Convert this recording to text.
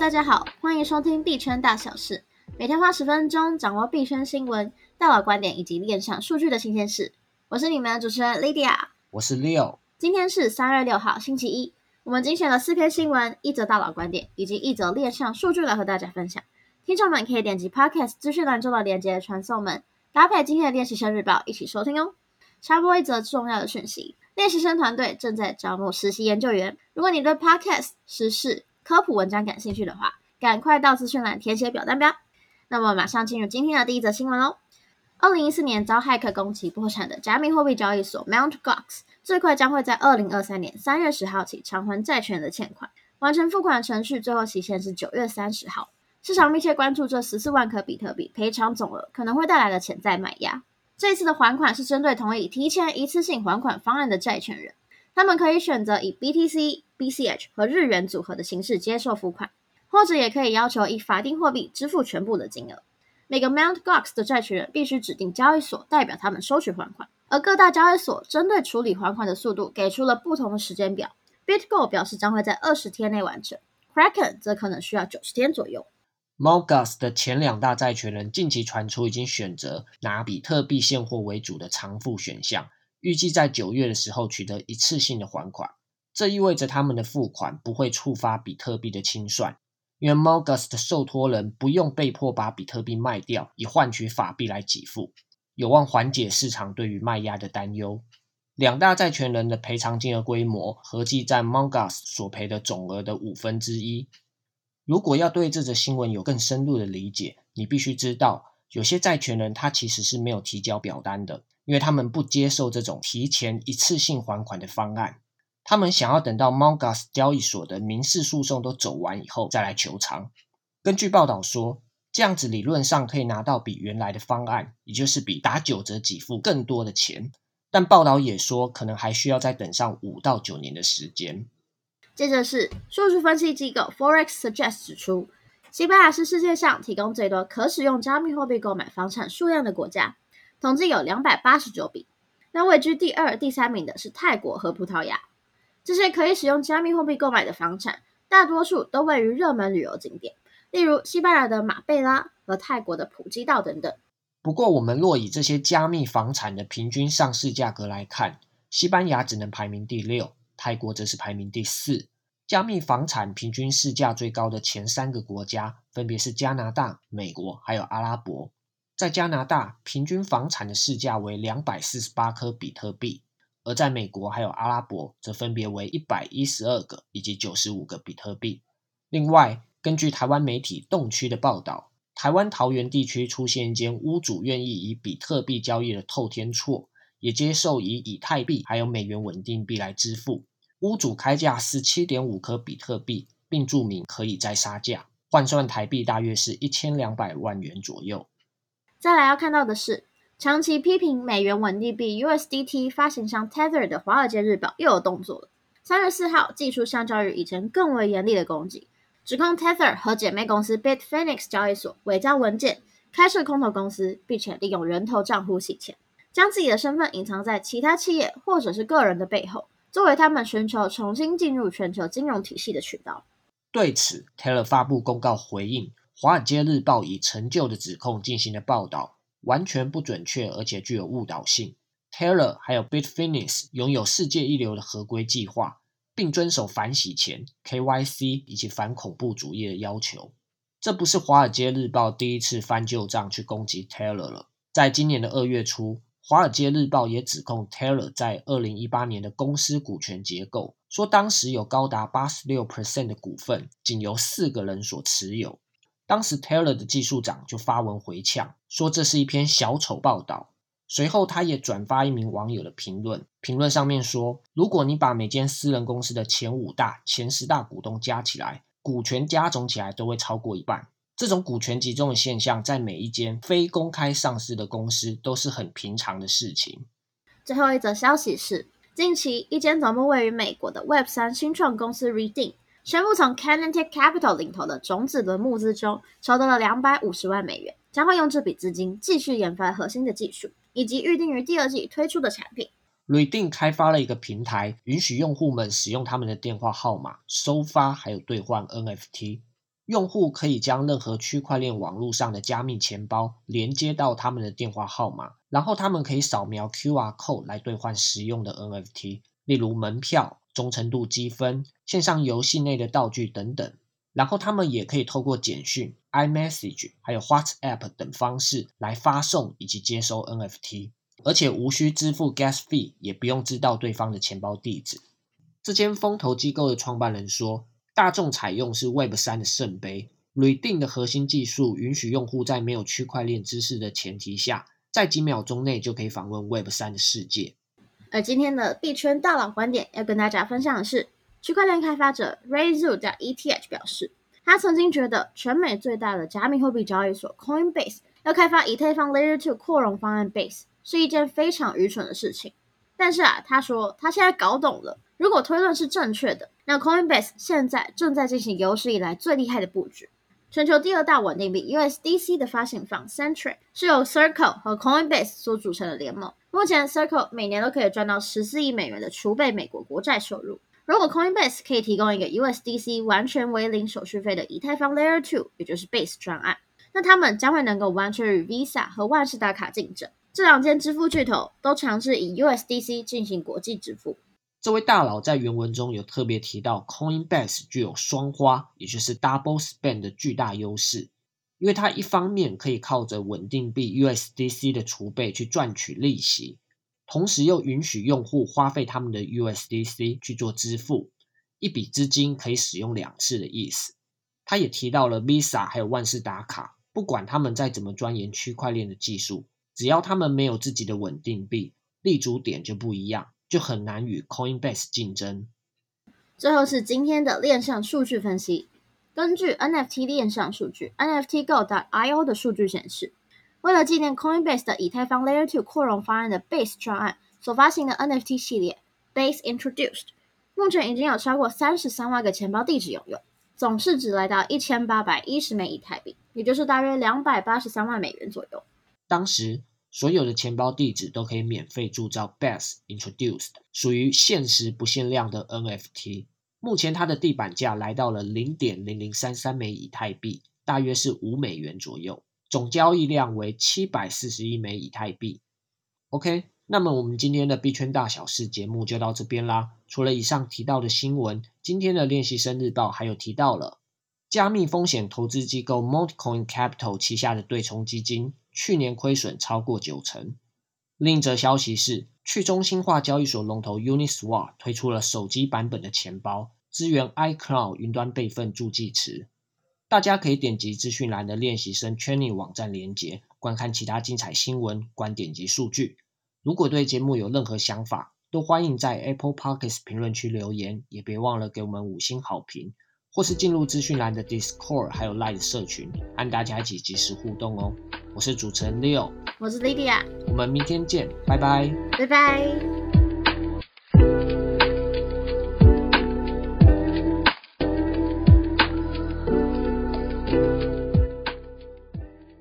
大家好，歡迎收聽幣圈大小事。每天花十分鐘，掌握幣圈新聞、大佬觀點以及鏈上數據的新鮮事。我是你們的主持人 Lydia，我是 Leo。今天是三月六號，星期一。我們精選了四篇新聞、一則大佬觀點以及一則鏈上數據來和大家分享。聽眾們可以點擊 Podcast 資訊欄中的鏈接傳送門，搭配今天的鏈習生日報一起收聽哦。插播一則重要的訊息：鏈習生團隊正在招募實習研究員。如果你對 Podcast 實事。科普文章感興趣的話，趕快到資訊欄填寫表單吧。那麼，馬上進入今天的第一則新聞嘍。二零一四年遭駭客攻擊破產的加密貨幣交易所 Mount Gox 最快將會在二零二三年三月十號起償還債權人的欠款，完成付款程序。最後期限是九月三十號。市場密切關注這十四萬顆比特幣賠償總額可能會帶來的潛在買壓。這次的還款是針對同意提前一次性還款方案的債權人，他們可以選擇以 BTC。BCH 和日元組合的形式接受付款，或者也可以要求以法定貨幣支付全部的金額。每個 Mount Gox 的債權人必須指定交易所代表他們收取還款，而各大交易所針對處理還款的速度給出了不同的時間表。BitGo 表示將會在二十天內完成，Kraken 則可能需要九十天左右。Mt. Gox 的前兩大債權人近期傳出已經選擇拿比特幣現貨為主的償付選項，預計在九月的時候取得一次性的還款。這意味着他們的付款不會觸發比特幣的清算，因為 Mt. Gox 的受托人不用被迫把比特幣賣掉以換取法幣來給付，有望緩解市場對於賣壓的擔憂。兩大債權人的賠償金額規模合計占 Mt. Gox 所賠的總額的五分之一。如果要對這則新聞有更深入的理解，你必須知道，有些債權人他其實是沒有提交表單的，因為他們不接受這種提前一次性還款的方案。他們想要等到 Mt. Gox 交易所的民事訴訟都走完以後再來求償。根據報道說，這樣子理論上可以拿到比原來的方案，也就是比打九折給付更多的錢。但報道也說，可能還需要再等上五到九年的時間。接着是數據分析機構 Forex Suggest 指出，西班牙是世界上提供最多可使用加密貨幣購買房產數量的國家，統計有兩百八十九筆。那位居第二、第三名的是泰國和葡萄牙。這些可以使用加密貨幣購買的房產，大多數都位於熱門旅遊景點，例如西班牙的馬貝拉和泰國的普吉島等等。不過，我們若以這些加密房產的平均上市價格來看，西班牙只能排名第六，泰國則是排名第四。加密房產平均市價最高的前三個國家，分別是加拿大、美國還有阿拉伯。在加拿大，平均房產的市價為兩百四十八顆比特幣。而在美國還有阿拉伯，則分別為一百一十二個以及九十五個比特幣。另外，根據台灣媒體動區的報道，台灣桃園地區出現一間屋主願意以比特幣交易的透天厝，也接受以以太幣還有美元穩定幣來支付。屋主開價十七點五顆比特幣，並註明可以再殺價，換算台幣大約是一千兩百萬元左右。再來要看到的是。長期批評美元穩定幣 USDT 發行商 Tether 的《華爾街日報》又有動作了。三月四號，技術相較於以前更為嚴厲的攻擊，指控 Tether 和姐妹公司 Bitfinex 交易所偽造文件、開設空頭公司，並且利用人頭賬戶洗錢，將自己的身份隱藏在其他企業或者是個人的背後，作為他們尋求重新進入全球金融體系的渠道。對此，Tether 發布公告回應，《華爾街日報》以陳舊的指控進行了報道。完全不準確，而且具有誤導性。Tether 還有 Bitfinex 擁有世界一流的合規計劃，並遵守反洗錢 （KYC） 以及反恐怖主義的要求。這不是《華爾街日報》第一次翻舊賬去攻擊 Tether 了。在今年的二月初，《華爾街日報》也指控 Tether 在二零一八年的公司股權結構，說當時有高達八十六 percent 的股份僅由四個人所持有。當時 Tether 的技術長就發文回嗆。說這是一篇小丑報道。隨後，他也轉發一名網友的評論，評論上面說：“如果你把每間私人公司的前五大、前十大股東加起來，股權加總起來都會超過一半。這種股權集中的現象，在每一間非公開上市的公司都是很平常的事情。”最後一則消息是，近期一間總部位於美國的 Web 3新創公司 Redeem 宣布，從 Kenetic Capital 領頭的種子輪募資中籌得了兩百五十萬美元。將會用這筆資金繼續研發核心的技術，以及預定於第二季推出的產品。瑞定開發了一個平台，允許用戶們使用他們的電話號碼收發，還有兌換 NFT。用戶可以將任何區塊鏈網絡上的加密錢包連接到他們的電話號碼，然後他們可以掃描 QR code 來兌換實用的 NFT，例如門票、忠誠度積分、線上遊戲內的道具等等。然後他們也可以透過簡訊、iMessage，還有 WhatsApp 等方式來發送以及接收 NFT，而且無需支付 Gas fee 也不用知道對方的錢包地址。這間風投機構的創辦人說，大眾採用是 Web 三的聖杯，Redeem 的核心技術，允許用戶在沒有區塊鏈知識的前提下，在幾秒鐘內就可以訪問 Web 三的世界。而今天的幣圈大佬觀點要跟大家分享的是。區塊鏈開發者 Rayzoo 加 ETH 表示，他曾經覺得全美最大的加密貨幣交易所 Coinbase 要開發以太坊 Layer 2擴容方案 Base 是一件非常愚蠢的事情。但是啊，他說他現在搞懂了，如果推論是正確的，那 Coinbase 現在正在進行有史以來最厲害的佈局。全球第二大穩定幣 USDC 的發行方 Centric 是由 Circle 和 Coinbase 所組成的聯盟。目前，Circle 每年都可以賺到十四億美元的儲備美國國債收入。如果 Coinbase 可以提供一個 USDC 完全為零手續費的以太坊 Layer 2，也就是 Base 專案，那他們將會能夠完全與 Visa 和萬事達卡競爭。這兩間支付巨頭都嘗試以 USDC 進行國際支付。這位大佬在原文中有特別提到，Coinbase 具有雙花，也就是 Double Spend 的巨大優勢，因為它一方面可以靠着穩定幣 USDC 的儲備去賺取利息。同時又允許用戶花費他們的 USDC 去做支付，一筆資金可以使用兩次的意思。他也提到了 Visa 還有萬事達卡，不管他們再怎麼鑽研區塊鏈的技術，只要他們沒有自己的穩定幣，立足點就不一樣，就很難與 Coinbase 競爭。最後是今天的鏈上數據分析，根據 NFT 鏈上數據，NFTGo.io 的數據顯示。為了紀念 Coinbase 的以太坊 Layer Two 擴容方案的 Base 專案所發行的 NFT 系列 Base Introduced，目前已經有超過三十三萬個錢包地址擁有，總市值來到一千八百一十枚以太幣，也就是大約兩百八十三萬美元左右。當時所有的錢包地址都可以免費鑄造 Base Introduced，屬於限時不限量的 NFT。目前它的地板價來到了零點零零三三枚以太幣，大約是五美元左右。總交易量為七百四十億枚以太幣。OK，那麼我們今天的幣圈大小事節目就到這邊啦。除了以上提到的新聞，今天的鏈習生日報還有提到了加密風險投資機構 Multicoin Capital 旗下的對沖基金去年虧損超過九成。另一則消息是，去中心化交易所龍頭 Uniswap 推出了手機版本的錢包，支援 iCloud 雲端備份助記詞。大家可以點擊資訊欄的鏈習生 Chainee 網站連接，觀看其他精彩新聞、觀點及數據。如果對節目有任何想法，都歡迎在 Apple Podcast 評論區留言，也別忘了給我們五星好評，或是進入資訊欄的 Discord 還有 Line 社群，和大家一起即時互動哦。我是主持人 Leo，我是 Lydia，我們明天見，拜拜，拜拜。